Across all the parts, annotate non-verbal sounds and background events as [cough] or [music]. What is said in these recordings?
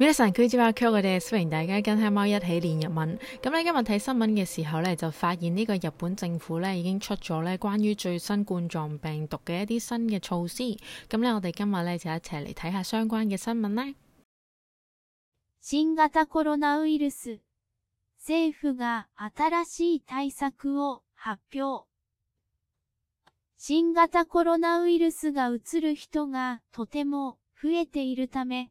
皆さんこんにちは，我哋歡迎大家跟黑貓一起練日文。咁咧，今日睇新聞嘅時候呢，就發現呢個日本政府呢已經出咗呢關於最新冠狀病毒嘅一啲新嘅措施。咁呢，我哋今日呢就一齊嚟睇下相關嘅新聞咧。新型コロナウイルス、政府が新しい対策を発表。新型コロナウイルスがうつる人がとても増えているため。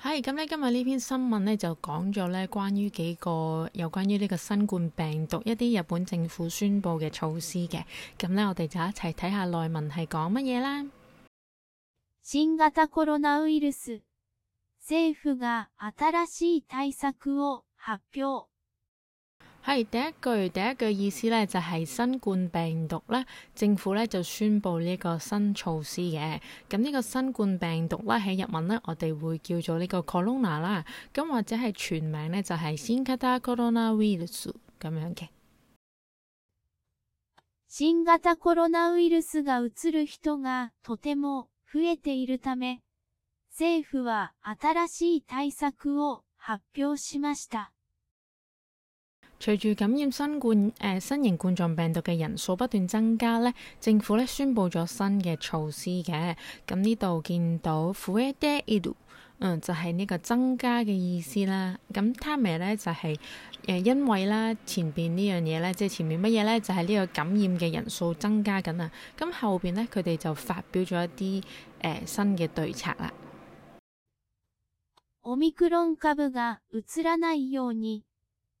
係咁呢，今日呢篇新聞呢就講咗呢關於幾個有關於呢個新冠病毒一啲日本政府宣布嘅措施嘅，咁呢，我哋就一齊睇下內文係講乜嘢啦。新型コロナウイルス、政府が新しい対策を発表。係第一句，第一句意思咧就係新冠病毒咧，政府咧就宣布呢個新措施嘅。咁呢個新冠病毒咧喺日文咧，我哋會叫做呢個 Corona 啦，咁或者係全名咧就係新型コロナウイルス咁樣嘅。新型コロナウイルスが移る人がとても増えているため、政府は新しい対策を発表しました。隨住感染新冠誒、呃、新型冠狀病毒嘅人數不斷增加咧，政府咧宣布咗新嘅措施嘅。咁呢度見到ふえて，嗯，就係呢個增加嘅意思啦。咁，ため咧就係誒，因為啦，前邊呢樣嘢咧，即係前面乜嘢咧，就係呢個感染嘅人數增加緊啊。咁後邊咧，佢哋就發表咗一啲誒、呃、新嘅對策啦。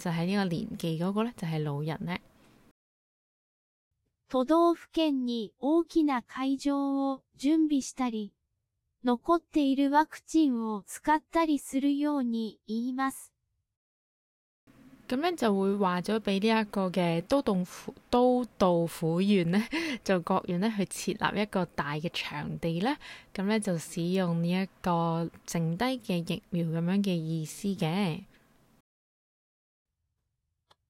就喺呢個年紀嗰個咧，就係老人咧。都道府県に大きな會場を準備したり、殘っているワクチンを使ったりするように言います。咁樣就會話咗俾呢一個嘅都道府都道府縣咧，就各樣咧去設立一個大嘅場地咧，咁咧就使用呢一個剩低嘅疫苗咁樣嘅意思嘅。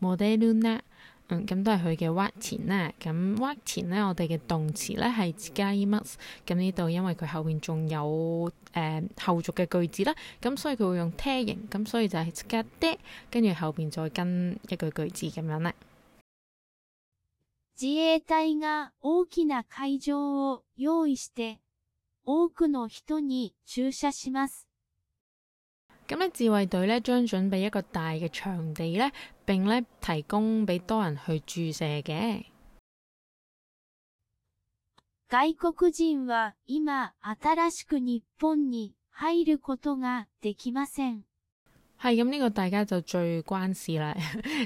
モデルナ咧，嗯，咁都係佢嘅 what 前咧，咁 what 前咧，我哋嘅動詞咧係加 must，咁呢度因為佢後邊仲有誒後續嘅句子啦，咁所以佢會用 te 形，咁所以就係加 the，跟住後邊再跟一個句子咁樣咧。自衛隊が大きな會場を用意して多くの人に注射します。咁咧，自衛隊咧將準備一個大嘅場地咧。並提供俾多人去注射嘅。外國人は今、新しく日本に入ることができません。係咁，呢個大家就最關事喇，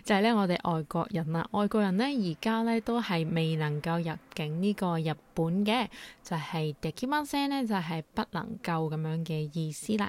就係呢，我哋外國人喇，外國人呢，而家呢都係未能夠入境呢個日本嘅。就係できません。呢就係不能夠咁樣嘅意思喇。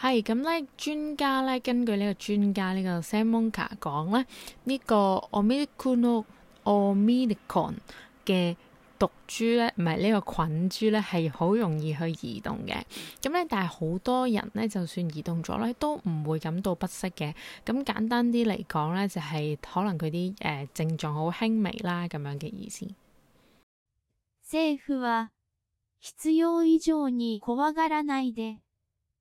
係咁咧，專家咧根據呢個專家、呢個、呢、呢個 Sammonka 講咧，呢個 Omicron 嘅毒株咧，唔係呢個菌株咧，係好容易去移動嘅。咁咧，但係好多人咧，就算移動咗咧，都唔會感到不適嘅。咁簡單啲嚟講咧，就係、係、可能佢啲誒症狀好輕微啦，咁樣嘅意思。政府は必要以上に怖がらないで。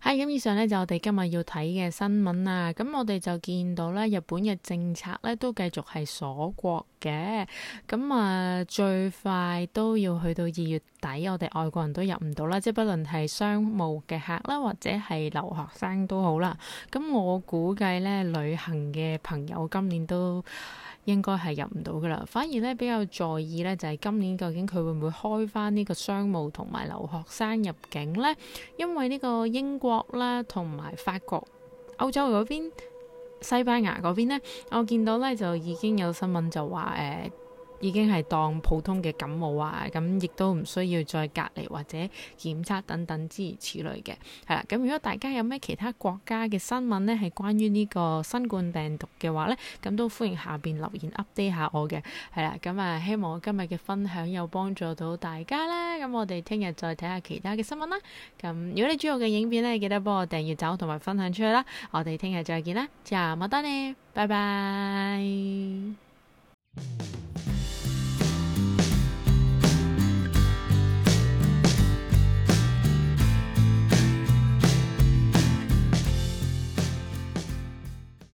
係咁，Hi, 以上咧就我哋今日要睇嘅新聞喇。咁我哋就見到咧，日本嘅政策咧都繼續係鎖國。嘅，咁啊最快都要去到二月底，我哋外國人都入唔到啦。即係不論係商務嘅客啦，或者係留學生都好啦。咁我估計咧，旅行嘅朋友今年都應該係入唔到噶啦。反而咧比較在意咧，就係今年究竟佢會唔會開翻呢個商務同埋留學生入境咧？因為呢個英國啦，同埋法國歐洲嗰邊。西班牙嗰邊咧，我見到咧就已經有新聞就話誒，欸已經係當普通嘅感冒啊，咁亦都唔需要再隔離或者檢測等等諸如此類嘅，係啦。咁如果大家有咩其他國家嘅新聞呢，係關於呢個新冠病毒嘅話呢，咁都歡迎下邊留言 update 下我嘅，係啦。咁啊，希望今日嘅分享有幫助到大家啦。咁我哋聽日再睇下其他嘅新聞啦。咁如果你中意我嘅影片呢，記得幫我訂閱走同埋分享出去啦。我哋聽日再見啦，之後冇得你，拜拜。 [music]